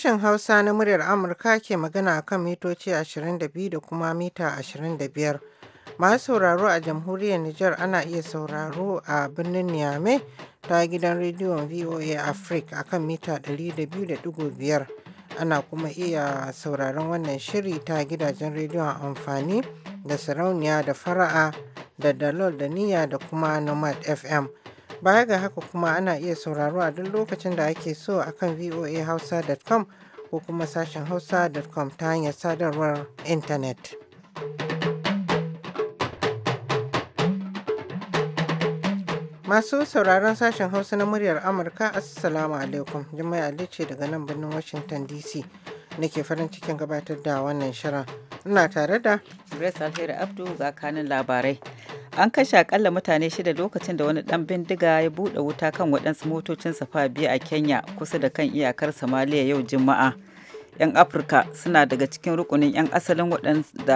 Sashen Hausa na muryar Amurka ke magana a kan mitoci 22 da kuma mita 25. Masu sauraro a jamhuriyar Nijar ana iya sauraro a birnin Niamey ta gidan rediyon VOA Africa a kan mita 200.5. Ana kuma iya sauraron wannan shiri ta gidajen rediyon amfani da sarauniya da fara'a da dalol da niyya da kuma nomad FM. Baya ga haka kuma ana iya sauraro a duk lokacin da ake so a kan voahausa.com ko kuma sashen hausa.com ta hanyar sadarwar intanet. Masu sauraron sashen Hausa na muryar Amurka, Assalamu alaikum. Jummai Ali ce daga nan birnin Washington DC. Nake farin cikin gabatar da wannan shirin. Ina tare da Grace Alheri Abdu ga kanin labarai. an kashe akalla mutane shida lokacin da wani dan bindiga ya bude wuta kan waɗansu motocin safa biyu a kenya kusa da kan iyakar somalia yau juma'a yan afirka suna daga cikin rukunin yan asalin waɗansu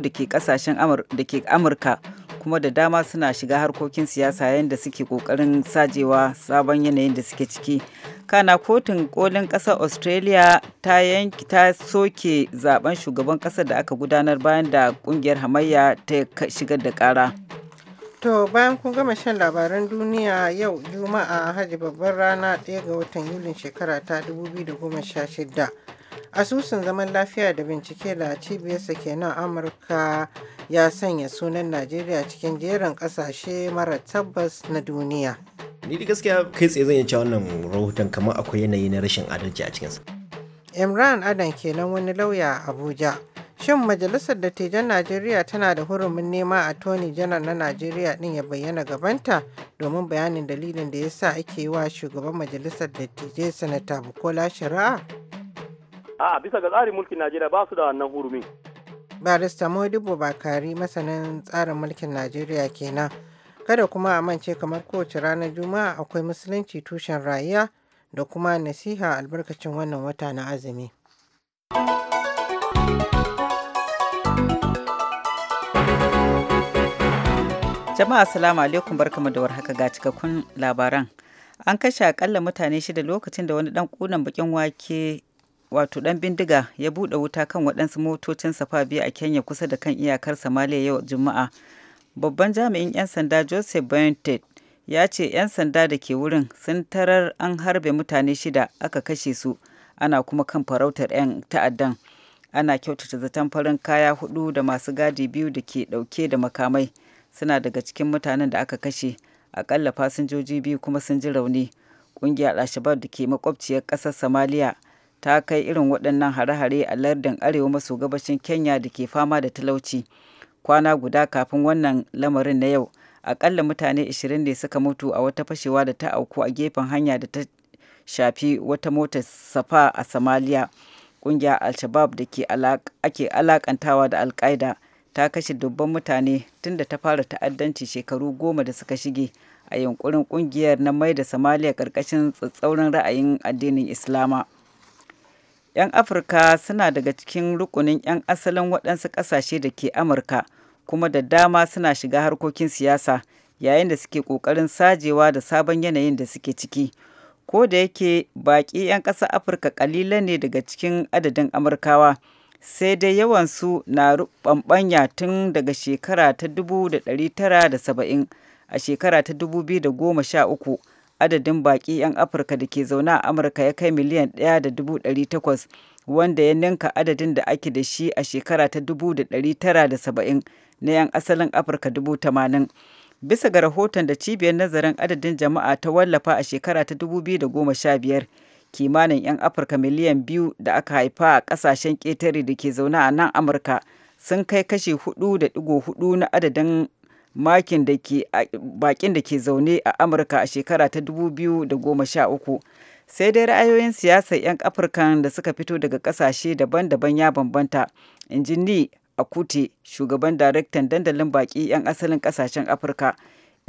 da ke kasashen amurka kuma da dama suna shiga harkokin siyasa yayin da suke kokarin sajewa sabon yanayin da suke ciki kana kotun kolin ƙasar australia ta yanki ta soke zaben shugaban ƙasar da aka gudanar bayan da kungiyar hamayya ta shigar da ƙara To bayan kun gama shan labaran duniya yau Juma'a Hajji babbar rana ɗaya ga watan Yulin shekara ta 2016. Asusun zaman lafiya da bincike da cibiyarsa kenan Amurka ya sanya sunan Najeriya cikin jerin ƙasashe mara tabbas na duniya. Ni da gaskiya kai tsaye zan iya wannan rahoton kamar akwai yanayi na rashin adalci a cikinsa. Imran Adan kenan wani lauya a Abuja. Shin Majalisar Dattijan Najeriya tana da hurumin nema a Tony Janar na Najeriya din ya bayyana gabanta domin bayanin dalilin da ya sa ake yi wa shugaban Majalisar Dattijai Sanata Bukola Shari'a? A bisa ga tsarin mulkin Najeriya ba su da wannan hurumin. Barista Modibo Bakari masanin tsarin mulkin Najeriya kenan. Kada kuma a mance kamar kowace ranar Juma'a akwai musulunci tushen rayuwa da kuma nasiha albarkacin wannan wata na azumi. Jama'a assalamu alaikum barkamu da warhaka ga cikakkun labaran. An kashe akalla mutane shida lokacin da wani dan kunan bakin wake wato dan bindiga ya bude wuta kan waɗansu motocin safa biyu a Kenya kusa da kan iyakar Somalia yau Juma'a. Babban jami'in 'yan sanda Joseph Bentet ya ce 'yan sanda da ke wurin sun tarar an harbe mutane shida aka kashe su ana kuma kan farautar 'yan ta'addan. Ana kyautata zaton farin kaya hudu da masu gadi biyu da ke dauke da makamai. suna daga cikin mutanen da aka kashe akalla fasinjoji biyu kuma sun ji rauni ƙungiyar al da ke makwabciyar ƙasar samaliya ta kai irin waɗannan hare-hare a lardin arewa maso gabashin kenya da ke fama da talauci kwana guda kafin wannan lamarin na yau akalla mutane 20 ne suka mutu a wata fashewa da ta auku a gefen hanya da ta shafi wata mota safa a somalia kungiyar al-shabab da ake alakantawa da al-qaida ta kashe dubban mutane tun da ta fara ta'addanci shekaru goma da suka shige a yankurin kungiyar na mai da Samariya karkashin tsatsauran ra'ayin addinin islama 'yan afirka suna daga cikin rukunin 'yan asalin waɗansu ƙasashe da ke amurka kuma da dama suna shiga harkokin siyasa yayin da suke ƙoƙarin sajewa da sabon yanayin da suke ciki ko da yake baƙi 'yan ƙasa afirka ƙalilan ne daga cikin adadin amurkawa sai dai yawansu na ruɓanya tun daga shekara ta 1970 a shekara ta 2013 adadin baƙi 'yan afirka da ke zaune a amurka ya kai miliyan 1.800 wanda ya ninka adadin da ake da shi a shekara ta 1970 na 'yan asalin afirka 80 bisa ga rahoton da cibiyar nazarin adadin jama'a ta wallafa a shekara ta 2015 kimanin 'yan afirka miliyan biyu da aka haifa a kasashen ƙetare da ke zaune a nan amurka sun kai kashi 4.4 na adadin makin da ke bakin da ke zaune a amurka a shekara ta 2013 sai dai ra'ayoyin siyasar 'yan afirkan da suka fito daga kasashe daban-daban ya bambanta injini a akute shugaban daraktan dandalin baki 'yan asalin kasashen afirka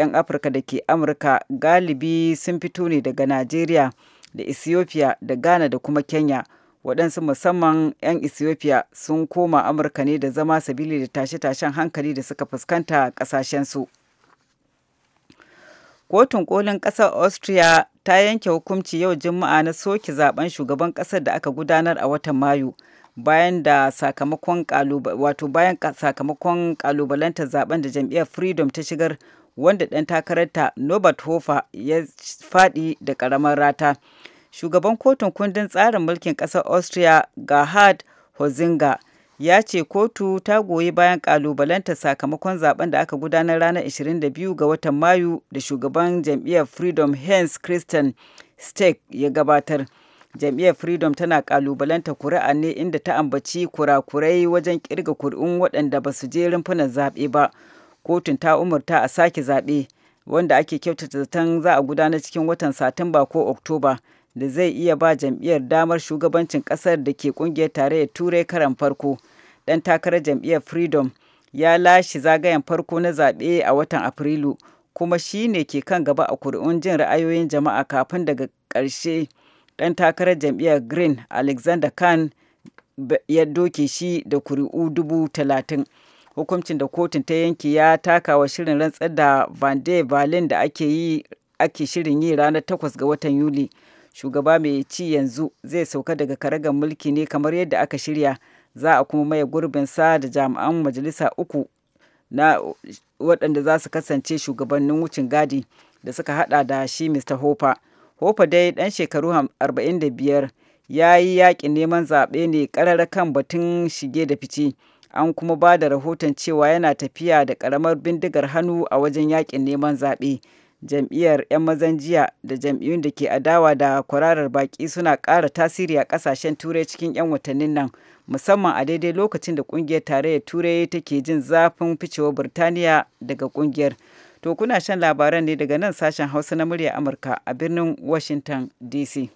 'yan afirka da ke amurka galibi sun fito ne daga najeriya da ethiopia da ghana da kuma kenya waɗansu musamman 'yan ethiopia sun koma amurka ne da zama sabili da tashe-tashen hankali da suka fuskanta ƙasashensu kotun kolin ƙasar austria ta yanke hukunci yau juma'a na soke zaben shugaban ƙasar da aka gudanar a watan mayu bayan da sakamakon wato bayan sakamakon kalubalantar zaben da jam'iyyar freedom ta shigar wanda ɗan takararta norbert hofer ya faɗi da ƙaramar rata shugaban kotun kundin tsarin mulkin ƙasar austria gerhard hozinga ya ce kotu ta goyi bayan kalubalanta sakamakon zaben da aka gudanar ranar 22 ga watan mayu da shugaban jam'iyyar freedom hens christian steck ya gabatar jam'iyyar freedom tana kalubalanta kuri'a ne inda ta ambaci kurakurai wajen kirga kuri'un waɗanda ba su je rumfunan zaɓe ba kotun ta umarta a sake zaɓe wanda ake kyautata zaton za a gudanar cikin watan satumba ko oktoba da zai iya ba jam'iyyar damar shugabancin kasar da ke kungiyar tarayyar turai karan farko dan takarar jam'iyyar freedom ya lashe zagayen farko na zaɓe a watan afrilu kuma shi ne ke kan gaba a kuri'un jin ra'ayoyin jama'a kafin daga ƙarshe ɗan takarar jam'iyyar green alexander khan ya doke shi da kuri'u dubu talatin hukuncin da kotun ta yanke ya taka wa shirin rantsar da van valin da ake ake shirin yi ranar 8 ga watan yuli shugaba mai ci yanzu zai sauka daga karagar mulki ne kamar yadda aka shirya za a kuma maye gurbinsa da jami'an majalisa uku na waɗanda za su kasance shugabannin wucin gadi da suka hada da shi mr hopa hopa dai ɗan shekaru 45 ya yi yaƙin neman zaɓe ne ƙararra kan batun shige da fice an kuma ba da rahoton cewa yana tafiya da ƙaramar bindigar hannu a wajen yaƙin neman zaɓe jam'iyyar 'yan mazan jiya da jam'iyyun da ke adawa da kwararar baki suna ƙara tasiri a ƙasashen turai cikin 'yan watannin nan musamman a daidai lokacin da ƙungiyar tarayyar turai take jin zafin ficewar birtaniya daga ƙungiyar to kuna shan labaran ne daga nan sashen hausa na murya amurka a birnin washington dc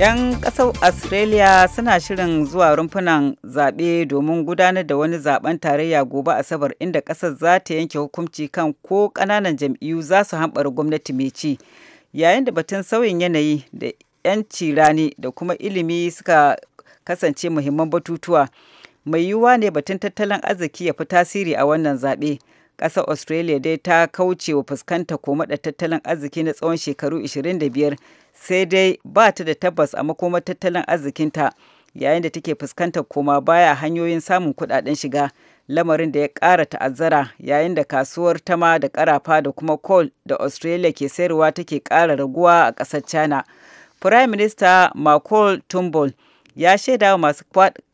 'Yan kasar Australia suna shirin zuwa rumfunan zaɓe domin gudanar da wani zaben tarayya gobe Asabar inda ƙasar za ta yanke hukunci kan ko ƙananan jam'iyyu za su hamɓar gwamnati mai ci. Yayin da batun sauyin yanayi da 'yanci rani da kuma ilimi suka kasance muhimman batutuwa, mai yiwuwa ne batun tattalin arziki ya fi tasiri a wannan zaɓe. ƙasar australia dai ta kauce wa fuskanta koma da tattalin arziki na tsawon shekaru 25 sai dai ba ta da tabbas a makomar tattalin arzikinta yayin da take fuskantar koma baya hanyoyin samun kudaden shiga lamarin da ya ƙara ta'azzara yayin da kasuwar tama da ƙarafa da kuma coal da australia ke sayarwa take ƙara raguwa a ƙasar china prime minister michael turnbull ya shaida wa masu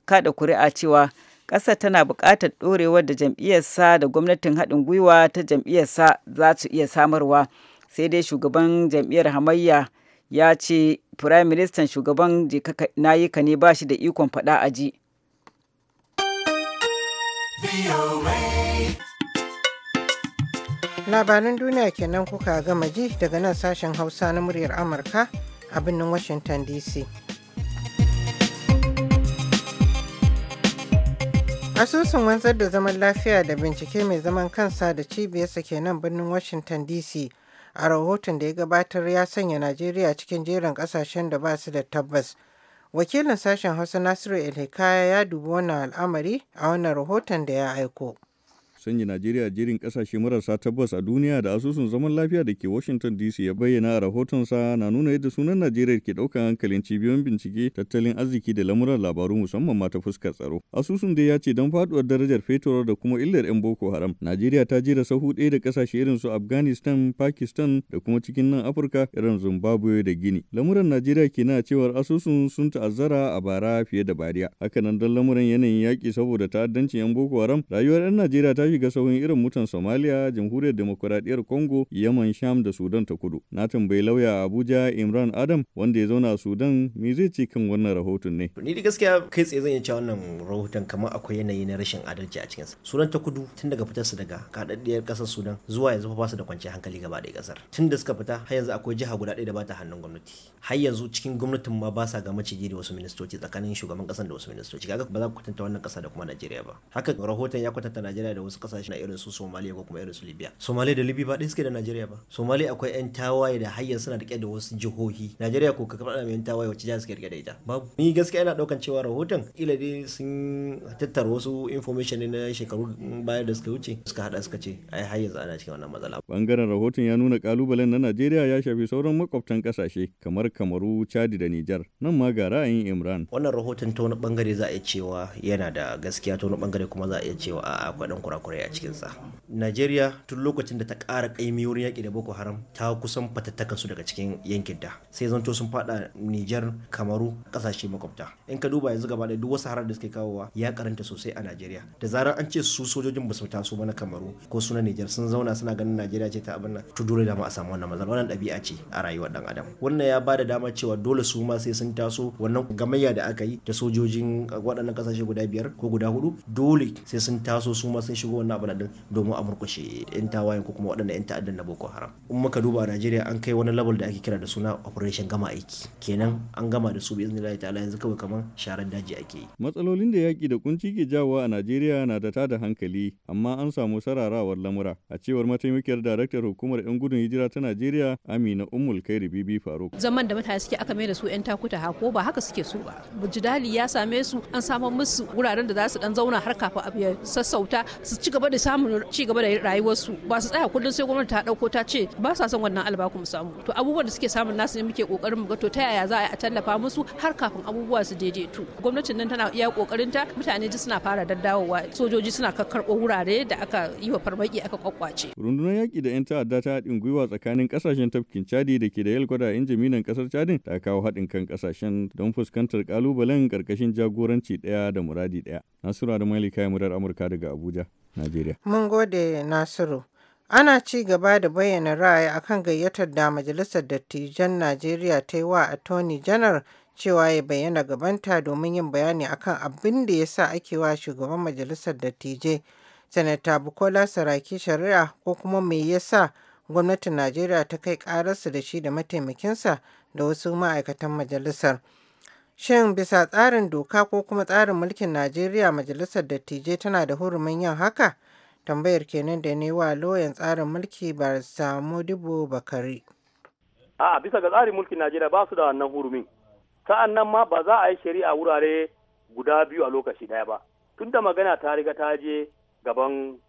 kada kuri'a cewa ƙasar tana buƙatar ɗorewar da jam'iyyarsa da gwamnatin haɗin gwiwa ta jam'iyyarsa za su iya samarwa sai dai shugaban jam'iyyar hamayya ya ce firayim ministan shugaban nayika ne ba shi da ikon faɗa a ji labaran duniya kenan kuka gama ji daga nan sashen hausa na muryar amurka a birnin washington dc Asusun wanzar da zaman lafiya da bincike mai zaman kansa da cibiyarsa ke nan birnin Washington DC a rahoton da ya gabatar ya sanya Najeriya cikin jerin kasashen da ba su da tabbas. Wakilin sashen Hausa Nasiru El ya dubi wannan al'amari a wannan rahoton da ya aiko. sanya Najeriya jerin kasashe marasa tabbas a duniya da asusun zaman lafiya da ke Washington DC ya bayyana a rahotonsa na nuna yadda sunan Najeriya ke ɗaukar hankalin cibiyoyin bincike, tattalin arziki da lamuran labaru musamman ma ta fuskar tsaro. Asusun dai ya ce don faduwar darajar fetur da kuma illar 'yan Boko Haram, Najeriya ta jira sahu ɗaya da kasashe irin su Afghanistan, Pakistan da kuma cikin nan Afirka irin Zimbabwe da Gini. Lamuran Najeriya ke na cewar asusun sun ta'azzara a bara fiye da bariya. Hakanan don lamuran yanayin yaƙi saboda ta'addancin 'yan Boko Haram, rayuwar 'yan Najeriya ta shiga sauyin irin mutan Somalia, Jamhuriyar Demokuraɗiyyar Congo, Yaman, Sham da Sudan ta kudu. Na tambayi lauya Abuja Imran Adam wanda ya zauna a Sudan me zai ce kan wannan rahoton ne. Ni da gaskiya kai tsaye zan iya cewa wannan rahoton kamar akwai yanayi na rashin adalci a cikinsa. Sudan ta kudu tun daga fitar su daga kaɗaɗɗiyar ƙasar Sudan zuwa yanzu ba su da kwanciyar hankali gaba ɗaya ƙasar. Tun da suka fita har yanzu akwai jiha guda ɗaya da ba ta hannun gwamnati. Har yanzu cikin gwamnatin ma ba sa ga maciji da wasu ministoci tsakanin shugaban ƙasar da wasu ministoci. Kaga ba za ku kwatanta wannan ƙasa da kuma Najeriya ba. Haka rahoton ya kwatanta Najeriya da wasu kasashe na irin su Somalia ko kuma irin su Libya Somalia da Libya ba ɗaya suke da Najeriya ba Somalia akwai yan tawaye da hayyan suna rike da wasu jihohi Najeriya ko ka faɗa ɗan yan tawaye wacce jihar suke da ita babu ni gaskiya ina ɗaukan cewa rahoton ila dai sun tattara wasu information ne na shekaru baya da suka wuce suka hada suka ce ai har yanzu ana cikin wannan matsala bangaren rahoton ya nuna kalubalen na Najeriya ya shafi sauran makwabtan kasashe kamar Kamaru Chad da Niger nan ma ga ra'ayin Imran wannan rahoton ta wani bangare za a iya cewa yana da gaskiya ta wani bangare kuma za a iya cewa akwai kurakurai a cikinsa najeriya tun lokacin da ta ƙara ƙaimi wurin yaƙi da boko haram ta kusan fatattakan su daga cikin yankin da sai zanto sun fada nijar kamaru ƙasashe makwabta in ka duba yanzu gaba da duk wasu harar da suke kawowa ya karanta sosai a najeriya da zarar an ce su sojojin ba su taso ba na kamaru ko su na nijar sun zauna suna ganin najeriya ce ta abin nan to dole dama a samu wannan matsala wannan ɗabi'a ce a rayuwar ɗan adam wannan ya ba da dama cewa dole su ma sai sun taso wannan gamayya da aka yi da sojojin waɗannan ƙasashe guda biyar ko guda hudu dole sai sun taso su ma sun shigo wannan abu din domin a murkushe yan tawayen ko kuma waɗanda yan ta'addan na boko haram in muka duba a najeriya an kai wani level da ake kira da suna operation gama aiki kenan an gama da su bi iznillahi ta'ala yanzu kawai kamar sharar daji ake yi matsalolin da yaƙi da kunci ke jawowa a najeriya na da tada hankali amma an samu sararawar lamura a cewar mataimakiyar daraktar hukumar yan gudun hijira ta najeriya amina ummul kairi bibi faruk zaman da mutane suke aka mai da su yan takuta ko ba haka suke so ba jidali ya same su an samar musu wuraren da za su dan zauna har kafin abu ya sassauta su ci gaba da samun ci gaba da rayuwarsu ba su tsaya kullum sai gwamnati ta dauko ta ce ba sa son wannan alba mu samu to abubuwan da suke samun nasu ne muke kokarin mu ga to ta yaya za a tallafa musu har kafin abubuwa su daidaitu gwamnatin nan tana iya kokarin ta mutane ji suna fara daddawowa sojoji suna kakkarɓo wurare da aka yi wa farmaki aka kwakwace rundunar yaki da yan ta'adda ta haɗin gwiwa tsakanin kasashen tafkin chadi da ke da yalkwada yan jaminan kasar chadin ta kawo haɗin kan kasashen don fuskantar kalubalen karkashin jagoranci ɗaya da muradi ɗaya nasura da malika murar amurka daga abuja Najeriya. Mun gode Nasiru. Ana ci gaba da bayyana ra'ayi akan gayyatar da Majalisar Dattijan Najeriya ta yi wa Attorney Janar cewa ya bayyana gabanta domin yin bayani akan abin da ya sa ake wa shugaban Majalisar Dattijai Sanata Bukola Saraki Shari'a ko kuma me yasa gwamnatin Najeriya ta kai ƙararsa da shi da mataimakinsa da wasu ma'aikatan majalisar. Shin bisa tsarin doka ko kuma tsarin mulkin Najeriya Majalisar Dattijai tana da hurumin yin haka? Tambayar kenan da ne wa loyan tsarin mulki ba samu dubu Bakari. A bisa ga tsarin mulkin Najeriya ba su da wannan hurumin. Sa'an ma ba za a yi shari'a wurare guda biyu a lokaci ɗaya ba. Tunda magana ta riga ta je gaban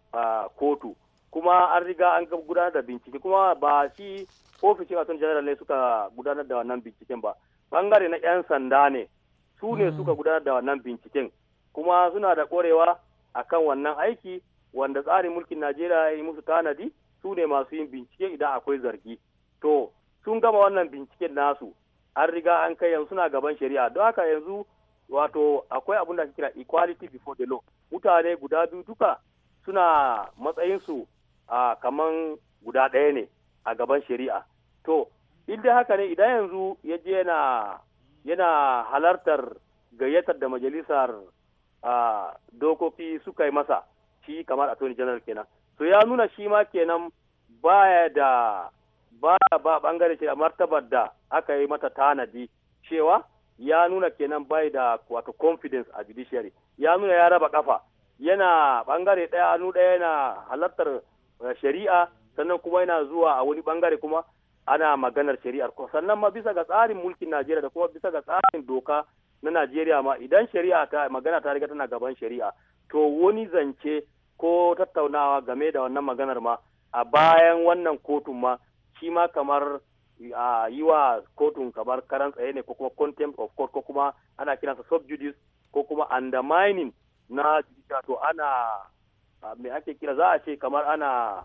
kotu kuma an riga an gudanar da bincike kuma ba shi ofishin attorney general ne suka gudanar da wannan binciken ba. bangare na 'yan sanda ne su ne hmm. suka gudanar da wannan binciken kuma suna da ƙwarewa kan wannan aiki wanda tsarin mulkin najeriya ya yi musu tanadi su ne masu yin bincike idan akwai zargi to sun gama wannan binciken nasu an riga an kai yanzu suna gaban shari'a don haka yanzu wato akwai abun da kira equality before the law mutane guda biyu duka suna matsayinsu a kaman guda ɗaya ne a gaban shari'a to da haka ne idan yanzu ya je yana halartar gayyatar da majalisar dokoki suka yi masa shi kamar attorney janar kenan to ya nuna shi ma kenan baya da ba ba bangare ce a martabar da aka yi mata tanadi cewa ya nuna kenan bai da wato confidence a judiciary ya nuna ya raba kafa yana bangare daya anu daya yana halartar eh, shari'a sannan kuma yana zuwa a wani bangare kuma ana maganar shari'ar ko sannan ma bisa ga tsarin mulkin Najeriya da kuma bisa ga tsarin doka na Najeriya ma idan shari'a ta magana ta riga tana gaban shari'a to wani zance ko tattaunawa game da wannan maganar ma a bayan wannan kotun ma shi ma kamar a yi wa kotun kamar karan tsaye ne ko kuma contempt of court ko kuma ana kiransa subjudice ko kuma undermining na to ana me ake kira za a ce kamar ana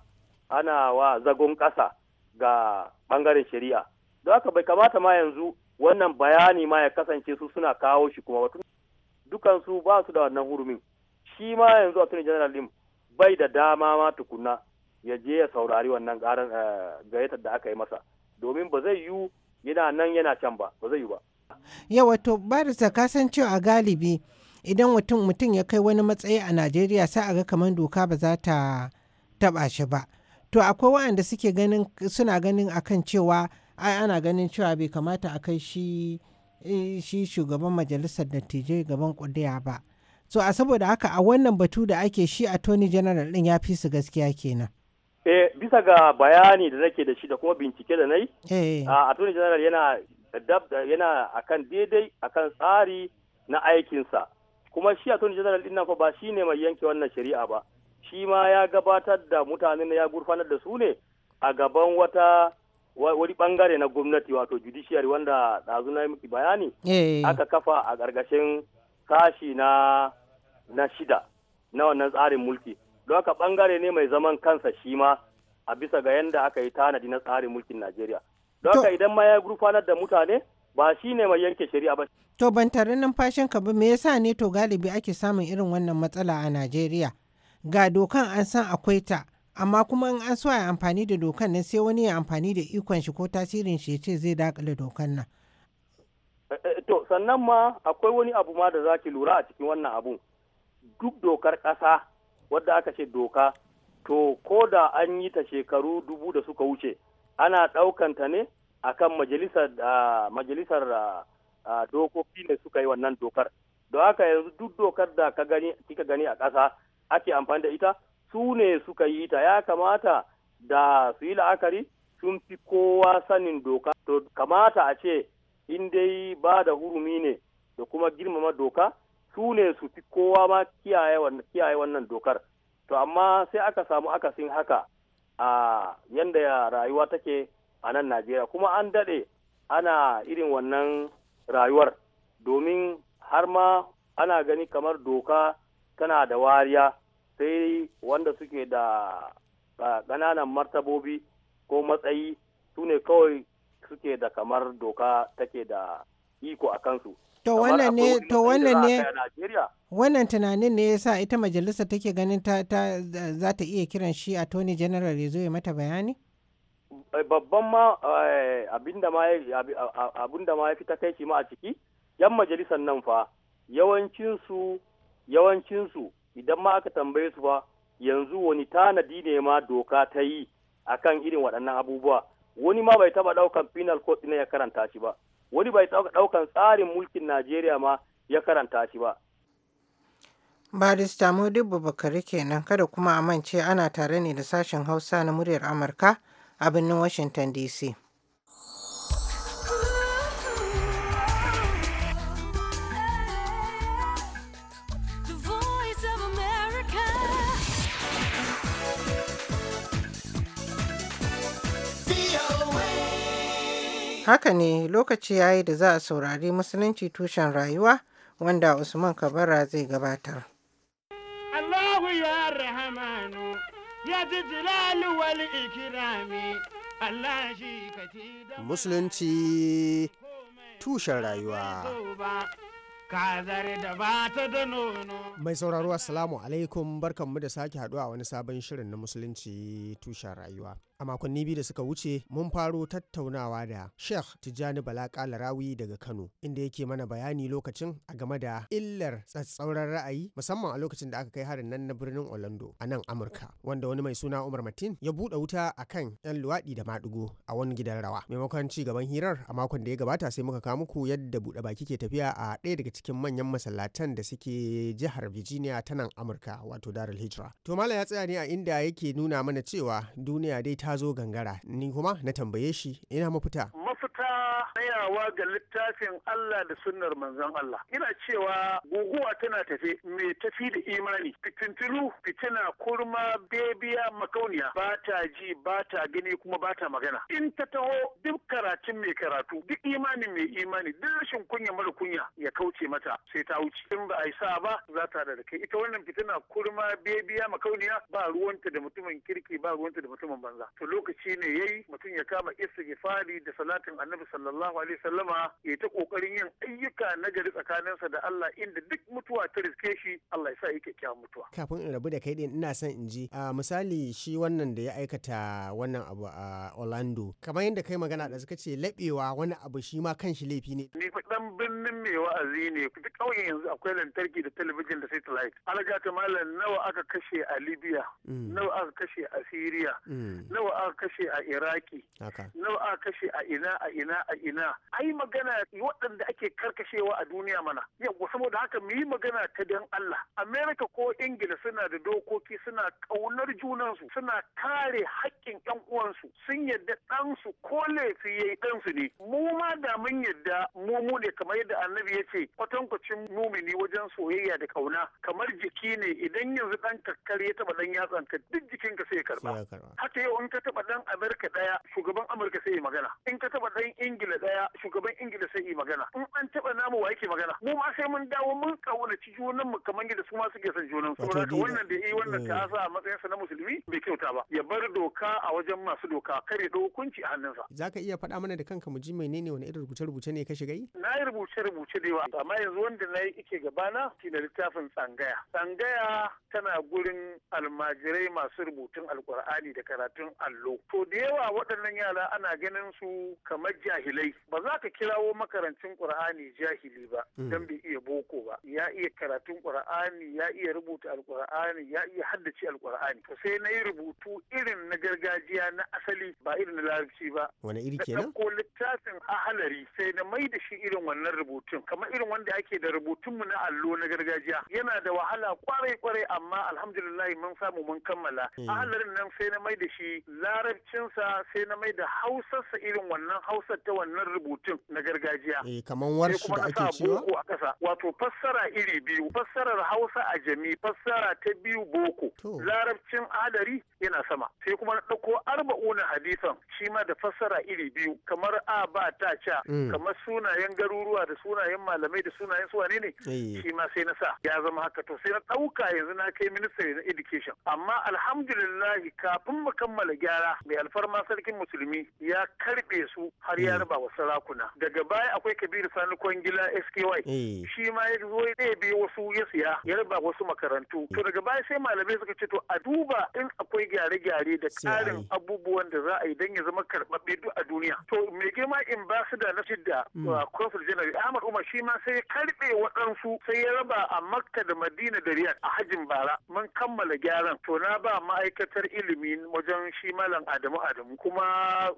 ana wa zagon kasa. ga bangaren shari'a don haka bai kamata ma yanzu wannan bayani ma ya kasance su suna kawo shi kuma wato dukansu ba su da wannan hurumin shi ma yanzu attorney general din bai da dama ma tukunna ya je ya saurari wannan karan eh, gayyatar da aka yi masa domin ba zai yiwu yana nan yana can ba ba zai yiwu ba yawa to barisa ka san cewa a galibi idan mutum mutum ya kai wani matsayi a najeriya sai a ga kamar doka ba za ta taba shi ba to akwai waɗanda suke ganin suna ganin akan cewa ai ana ganin cewa bai kamata a kai shi eh, shi shugaban majalisar dattijai gaban kudiya ba so a saboda haka a wannan batu da ake shi a tony general din ya fi su gaskiya kenan eh bisa ga bayani da nake da shi da kuma bincike da nayi eh tony general yana yana akan daidai akan tsari na aikinsa kuma shi a tony general din nan fa ba shine mai yanke wannan shari'a ba shi ma ya gabatar da mutanen ya gurfanar da su ne a gaban wata wani bangare na gwamnati wato judiciary wanda ɗazu na miki bayani eh. aka kafa a ƙarƙashin sashi na na shida na wannan tsarin mulki don haka bangare ne mai zaman kansa shi ma a bisa ga yadda aka yi tanadi na tsarin mulkin Najeriya. Don haka idan ma ya gurfanar da mutane ba shi ne mai yanke shari'a ba. To ban tare numfashin ka ba me yasa ne to galibi ake samun irin wannan matsala a Najeriya? ga dokan an san akwai ta amma kuma in an so a amfani da dokan nan sai wani ya amfani da ikon shi ko tasirin shi ce zai dakile dokan nan eh, eh, to sannan ma akwai wani abu ma da zaki lura a cikin wannan abun duk dokar ƙasa wadda aka ce doka to ko da an yi ta shekaru dubu da suka wuce ana ɗaukanta ne akan majalisar majalisar dokoki ne suka yi wannan dokar don haka yanzu duk dokar da ka gani kika gani a ƙasa ake amfani da ita su ne suka yi ta ya kamata da su yi la'akari sun fi kowa sanin doka to kamata a ce in dai ba da hurumi ne da kuma girmama doka su ne su fi kowa ma kiyaye wannan dokar to amma sai aka samu akasin haka a yanda rayuwa take a nan najeriya kuma an daɗe ana irin wannan rayuwar domin har ma ana gani kamar doka tana da wariya sai wanda suke da ƙananan martabobi ko matsayi su ne kawai suke da kamar doka take da iko a kansu to wannan ne to wannan ne wannan tunanin ne yasa ita majalisa take ganin ta za ta iya kiran shi Tony general ya zo ya mata bayani eh, babban ma abinda eh, ma abinda ma ya fita kai ma a ciki yan majalisar nan fa yawancinsu yawancinsu idan ma aka tambaye su ba yanzu wani tanadi ne ma doka ta yi a kan irin waɗannan abubuwa wani ma bai taɓa ɗaukan penal code ne ya karanta shi ba wani bai taɓa ɗaukan tsarin mulkin najeriya ma ya karanta shi ba barista modibu bakari kenan kada kuma a mance ana tare ne da sashen hausa na muryar amurka a birnin washington dc Haka ne lokaci ya yi da za a saurari Musulunci tushen rayuwa wanda Usman Kabara zai gabatar. Allahu ya ya ji jilalu wal ikirami Musulunci tushen rayuwa. Mai sauraro Assalamu alaikum barkanmu da sake haduwa wani sabon shirin na Musulunci tushen rayuwa. A makonni biyu da suka wuce mun faro tattaunawa da Sheikh Tijjani Bala Kalarawi daga Kano inda yake mana bayani lokacin a game da illar tsatsauran ra'ayi musamman a lokacin da aka kai harin nan na birnin Orlando a nan Amurka wanda wani mai suna Umar Matin ya buɗe wuta a kan 'yan luwaɗi da maɗigo a wani gidan rawa. Maimakon ci gaban hirar a makon da ya gabata sai muka kawo muku yadda buɗe baki ke tafiya a ɗaya daga cikin manyan masallatan da suke jihar Virginia ta nan Amurka wato Darul hijira To Mala ya tsaya ne a inda yake nuna mana cewa duniya dai ta ta zo gangara ni kuma na tambaye shi ina mafita ta tsayawa ga littafin Allah da sunnar manzon Allah. Ina cewa guguwa tana tafe mai tafi da imani, fitintulu, fitina, kurma, bebiya, makauniya, ba ta ji, ba ta gani kuma ba ta magana. In ta taho duk karatun mai karatu, duk imani mai imani, duk rashin kunya mara kunya ya kauce mata sai ta wuce. In ba a yi sa ba za ta da kai. Ita wannan fitina kurma, bebiya, makauniya ba ruwanta da mutumin kirki ba ruwanta da mutumin banza. To lokaci ne yayi mutum ya kama istighfari da salatu hadisin annabi sallallahu alaihi sallama ya ta kokarin yin ayyuka nagari tsakaninsa da Allah inda duk mutuwa ta riske shi Allah ya sa yake kyawun mutuwa kafin in rabu da kai din ina son in ji a misali shi wannan da ya aikata wannan abu a Orlando kamar yadda kai magana da suka ce labewa wani abu shi ma kanshi laifi ne ni fa dan birnin mai wa'azi ne duk kauyen yanzu akwai lantarki da talabijin da satellite alaga ta malam nawa aka kashe a Libya mm. nawa aka kashe a Syria mm. nawa aka kashe a Iraki nawa aka kashe a ina a ina a ina ai magana waɗanda ake karkashewa a duniya mana yawwa saboda haka mu yi magana ta dan Allah America ko Ingila suna da dokoki suna ƙaunar junansu suna kare haƙƙin ƴan uwansu sun yadda ɗansu ko laifi yayi ɗansu ne mu ma da mun yadda mu mu ne kamar yadda annabi ya ce kwatankwacin mumini wajen soyayya da ƙauna kamar jiki ne idan yanzu ɗan kakkar ya taɓa ɗan ka duk jikinka sai ya karɓa haka yau in ka taɓa ɗan Amerika ɗaya shugaban Amurka sai ya magana in ka taɓa ingila daya shugaban ingila sai yi magana in an taɓa namu wa yake magana mu ma sai mun dawo mun kaunaci junan mu kamar yadda su ma suke son junan su saboda wannan da yi wannan ta eh. sa a matsayinsa na musulmi bai kyauta ba ya bar doka a wajen masu doka kare da hukunci a hannunsa zaka iya faɗa mana da kanka mu ji menene wani irin rubuce rubuce ne ka shiga yi na yi rubuce rubuce da yawa amma yanzu wanda na yi ike gabana na littafin tsangaya tsangaya tana gurin almajirai masu rubutun alkur'ani da karatun allo to da yawa waɗannan yara ana ganin su kamar kamar jahilai ba za ka kirawo makarancin ƙur'ani jahili ba mm. dan bai iya boko ba ya iya karatun qur'ani ya iya rubuta alqur'ani ya iya haddace alqur'ani to sai na yi rubutu irin na gargajiya na asali ba irin na larabci ba wani iri kenan ko littafin halari sai na mai da shi irin wannan rubutun kamar irin wanda ake da rubutun mu na allo na gargajiya yana da wahala kwarai kwarai amma alhamdulillah mun samu mun kammala mm. ahalarin nan sai na mai da shi larabcinsa sai na mai da hausarsa irin wannan hausa ta wannan rubutun na gargajiya eh kaman warshi da ake cewa a ƙasa wato fassara iri biyu fassarar hausa a jami fassara ta biyu boko larabcin adari yana sama sai kuma na ɗauko arba'una hadisan shi ma da fassara iri biyu kamar a ba ta ca mm. kamar sunayen garuruwa da sunayen malamai da sunayen su wane ne eh. shi ma sai na sa ya zama haka to sai na ɗauka yanzu na kai ministry na education amma alhamdulillah kafin mu kammala gyara mai alfarma sarkin musulmi ya karɓe su har ya mm. raba wa sarakuna daga baya akwai kabiru sani kwangila sky eh. shi ma ya zo ya biyo wasu ya siya ya raba wasu makarantu to eh. daga baya sai malamai suka ce to a duba in akwai gyare-gyare da karin abubuwan da za a yi don ya zama karɓaɓɓe duk a duniya to mai girma in da na shidda mm. uh, consul general ahmad umar shi ma sai ya karɓe waɗansu sai ya raba a makka da madina da riyad a hajin bara mun kammala gyaran to na ba ma'aikatar ilimi wajen shi malam adamu adamu kuma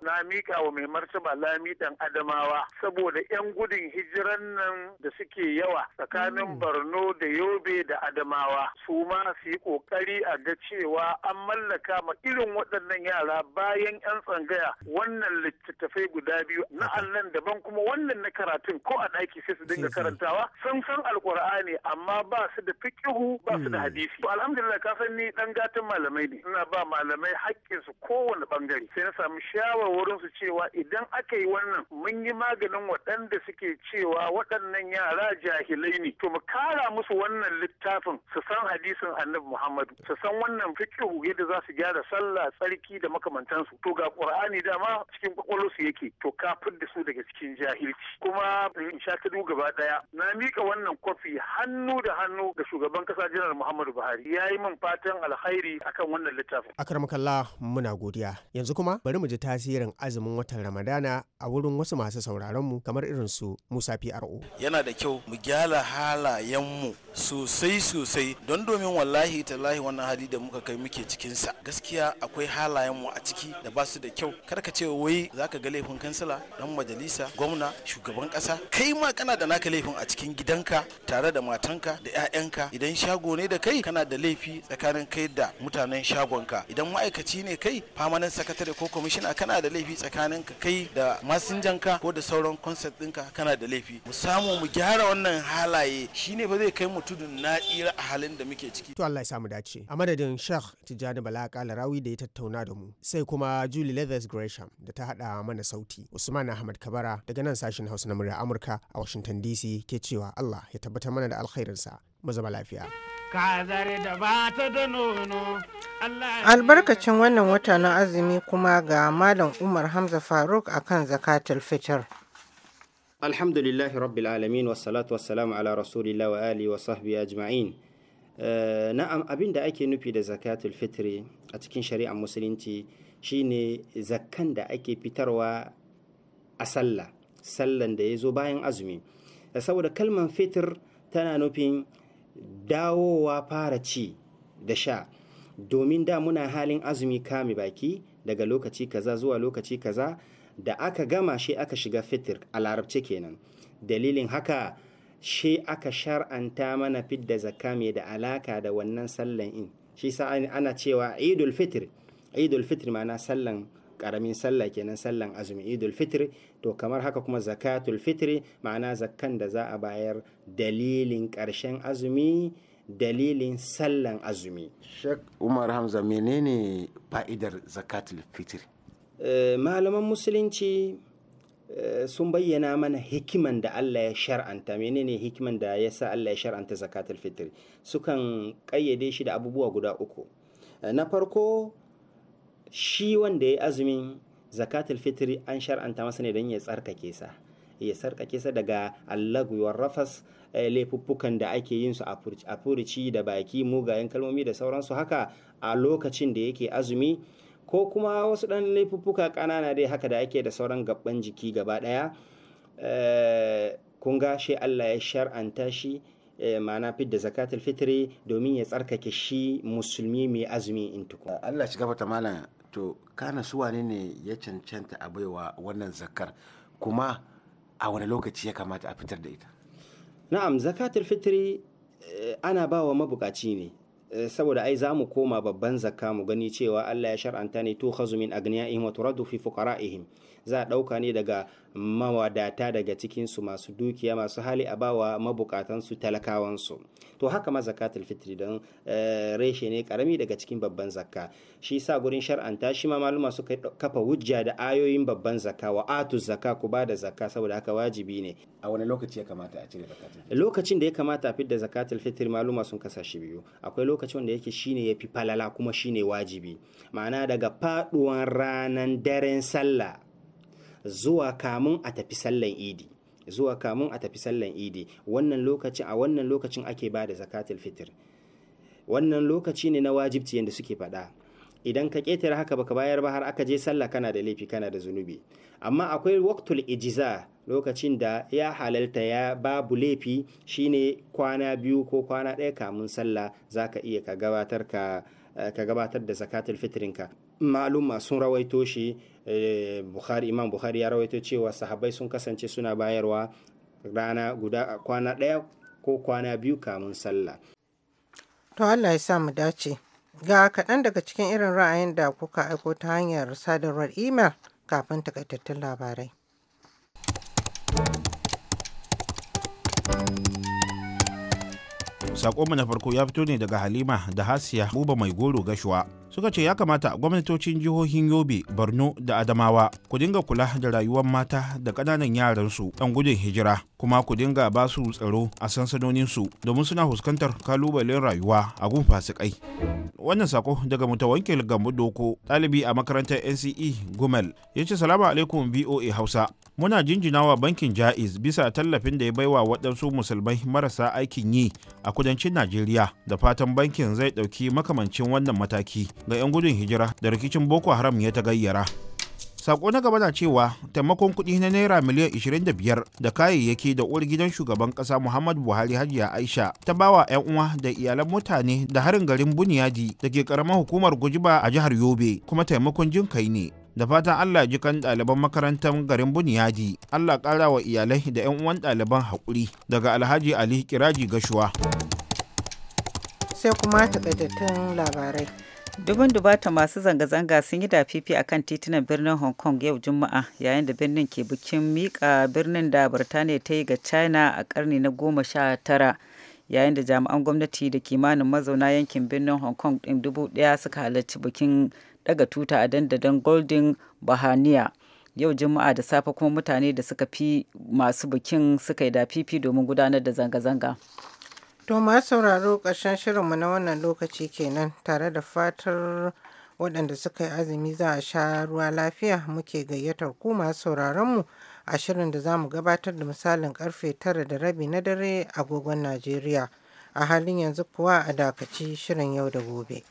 na miƙa wa mai martaba Mustapha Lamidan Adamawa saboda 'yan gudun hijiran nan da suke yawa tsakanin mm. Borno da Yobe da Adamawa su ma su yi kokari a ga cewa an mallaka ma irin waɗannan yara bayan 'yan tsangaya wannan littattafai guda biyu na allan daban kuma wannan na karatun ko a ɗaki sai su dinga karantawa sun san alkur'ani amma ba su da fikihu ba su da mm. hadisi alhamdulillah ka san ni dan gatan malamai ne ina ba malamai hakkin su kowane bangare sai na samu shawarwarin su cewa idan aka yi wannan mun yi maganin waɗanda suke cewa waɗannan yara jahilai ne to mu kara musu wannan littafin su san hadisin annabi muhammadu su san wannan fikihu da za su gyara sallah tsarki da makamantansu to ga ƙur'ani dama cikin su yake to ka da su daga cikin jahilci kuma in sha ta gaba ɗaya. na mika wannan kwafi hannu da hannu ga shugaban kasa janar muhammadu buhari ya yi min fatan alkhairi akan wannan littafin akarmakalla muna godiya yanzu kuma bari mu ji tasirin azumin watan ramadan gudana a wurin wasu masu sauraronmu kamar irin su Musa PRO. Yana da kyau mu gyara mu sosai sosai don domin wallahi tallahi wannan hali da muka kai muke cikin sa gaskiya akwai halayen mu a ciki da ba su da kyau Kar ka ce wai zaka ga laifin kansila dan majalisa gwamna shugaban kasa kai ma kana da naka laifin a cikin gidanka tare da matanka da 'ya'yanka idan shago ne da kai kana da laifi tsakanin kai da mutanen shagonka idan ma'aikaci ne kai famanin sakatare ko kwamishina kana da laifi tsakanin kai da masinjan ka ko da sauran concept ɗinka kana da laifi mu samu mu gyara wannan halaye shine ba zai kai mu tudun na tsira a halin da muke ciki to Allah ya samu dace a madadin Sheikh Tijjani Bala Kalarawi da ya tattauna da mu sai kuma Julie Leathers Gresham da ta hada mana sauti Usman Ahmad Kabara daga nan sashin Hausa na murya Amurka a Washington DC ke cewa Allah ya tabbatar mana da alkhairinsa mu zama lafiya Albarkacin wannan wata na azumi kuma ga Malam Umar Hamza Faruk akan zakatul fitar. Alhamdulillahi rabbil alamin wassalatu wassalamu ala rasulillah wa ali wa sahbihi ajma'in. Eh, na'am abin da ake nufi da zakatul fitar a cikin shari'ar musulunci shine zakan da ake fitarwa a sallah, sallan da ya zo bayan azumi. Eh, saboda kalman fitir tana nufin dawowa fara ci da sha domin da muna halin azumi kame baki daga lokaci kaza zuwa lokaci kaza da aka gama shi aka shiga fitir a larabci kenan dalilin haka shi aka shar'anta mana fidda zakka mai da alaka da wannan sallan in shi sa ana cewa idul fitir idul fitr ma'ana sallan karamin sallah kenan sallan azumi idul fitri to kamar haka kuma zakatul fitri ma'ana zakkan da za a bayar dalilin karshen azumi dalilin sallan azumi shek umar hamza menene fa'idar zakatul fitri eh, malaman musulunci eh, sun bayyana mana hikiman da Allah ya shar'anta menene hikiman da ya sa Allah ya shar'anta zakatul fitri sukan kayyade shi da abubuwa guda uku eh, na farko shi wanda ya azumin zakatul fitri an shar'anta masa ne don ya tsarkake sa ya sarkake sa daga allaguwar rafas eh, laifuffukan da ake yin su a furici da baki mugayen kalmomi da sauransu haka a lokacin da yake azumi ko kuma wasu ɗan laifuffuka kanana dai haka da ake da sauran gaban jiki gaba ɗaya eh, kun ga Allah ya shar'anta shi eh, ma'ana fidda zakatul fitri domin ya tsarkake shi musulmi mai azumi in tuku Allah shi gafata malam to kana su wane ne ya cancanta a baiwa wannan zakar kuma a wani lokaci ya kamata a fitar da ita na'am zakatar fitri eh, ana ba wa mabukaci ne eh, saboda ai za mu koma babban zakka mu gani cewa Allah ya shar'anta ne to hazumin min agniya'ihim wa turaddu fi fuqara'ihim za a ɗauka ne daga mawadata daga cikinsu masu dukiya masu hali a bawa mabukatansu talakawansu to haka ma zakatul fitri don eh, reshe ne karami daga cikin babban zakka shi sa gurin shar'anta shi ma maluma suka kafa hujja da ayoyin babban zakka wa atu zakka ku ba da zakka saboda haka wajibi ne a wani lokaci ya kamata a cire zakatul fitri lokacin da ya kamata a fidda zakatul fitri maluma sun kasashe biyu akwai lokacin wanda yake shine yafi falala kuma shine wajibi ma'ana daga faduwan ranan daren sallah zuwa kamun a tafi sallan idi zuwa kamun a tafi sallan idi wannan lokaci a wannan lokacin ake ba da zakatul fitr wannan lokaci ne na wajibci yadda suke faɗa idan ka ketare haka baka bayar ba har aka je sallah kana da laifi kana da zunubi amma akwai waqtul ijiza lokacin da ya halalta ya babu laifi shine kwana biyu ko kwana ɗaya kamun sallah zaka iya ka gabatar ka eh, ka gabatar da zakatul fitrinka maluma sun rawaito shi eh, bukhari imam bukhari ya rawaito cewa sahabbai sun kasance suna bayarwa rana guda kwana ɗaya ko kwana biyu kamun sallah to allah ya sa mu dace ga kaɗan daga cikin irin ra'ayin da kuka aiko ta hanyar sadarwar imel kafin takaitattun labarai sakonmu na farko ya fito ne daga halima da hasiya buba mai goro gashuwa suka ce ya kamata gwamnatocin jihohin yobe borno da adamawa ku dinga kula da rayuwar mata da ƙananan yaransu ɗan gudun hijira kuma ku dinga ba su tsaro a sansanoninsu domin suna fuskantar kalubalen rayuwa a gun fasikai wannan sako daga mutawankil gambu doko ɗalibi a makarantar nce gumel ya ce salamu alaikum voa hausa muna jinjinawa bankin ja'iz bisa tallafin da ya baiwa waɗansu musulmai marasa aikin yi a kudancin najeriya da fatan bankin zai ɗauki makamancin wannan mataki ga 'yan gudun hijira da rikicin boko haram ya ta gayyara sako na gaba na cewa taimakon kuɗi na naira miliyan 25 da kayayyaki da uwar gidan shugaban ƙasa muhammad buhari hajiya aisha ta bawa 'yan uwa da iyalan mutane da harin garin buniyadi da ke karamar hukumar gujiba a jihar yobe kuma taimakon jin kai ne da fatan allah ji kan ɗaliban makarantar garin buniyadi allah ƙara wa iyalai da 'yan uwan ɗaliban haƙuri daga alhaji ali kiraji gashuwa sai kuma takaitattun labarai Dubin dubata masu zanga-zanga sun yi dafifi a kan titunan birnin Hong Kong yau Juma'a yayin da birnin ke bikin mika birnin da Birtaniya ta yi ga China a karni na goma sha tara yayin da jami'an gwamnati da kimanin mazauna yankin birnin Hong Kong ɗin dubu ɗaya suka halarci bikin daga tuta a dandalin Golden bahaniya Yau Juma'a da safe kuma mutane da suka fi masu bikin suka yi dafifi domin gudanar da zanga-zanga. To masu sauraro ƙarshen shirinmu na wannan lokaci kenan tare da fatar waɗanda suka yi azumi za a sha ruwa lafiya muke gayyatar ku masu sauraronmu a shirin da za mu gabatar da misalin karfe tara da rabi na dare agogon Najeriya. A halin yanzu kuwa a dakaci shirin yau da gobe.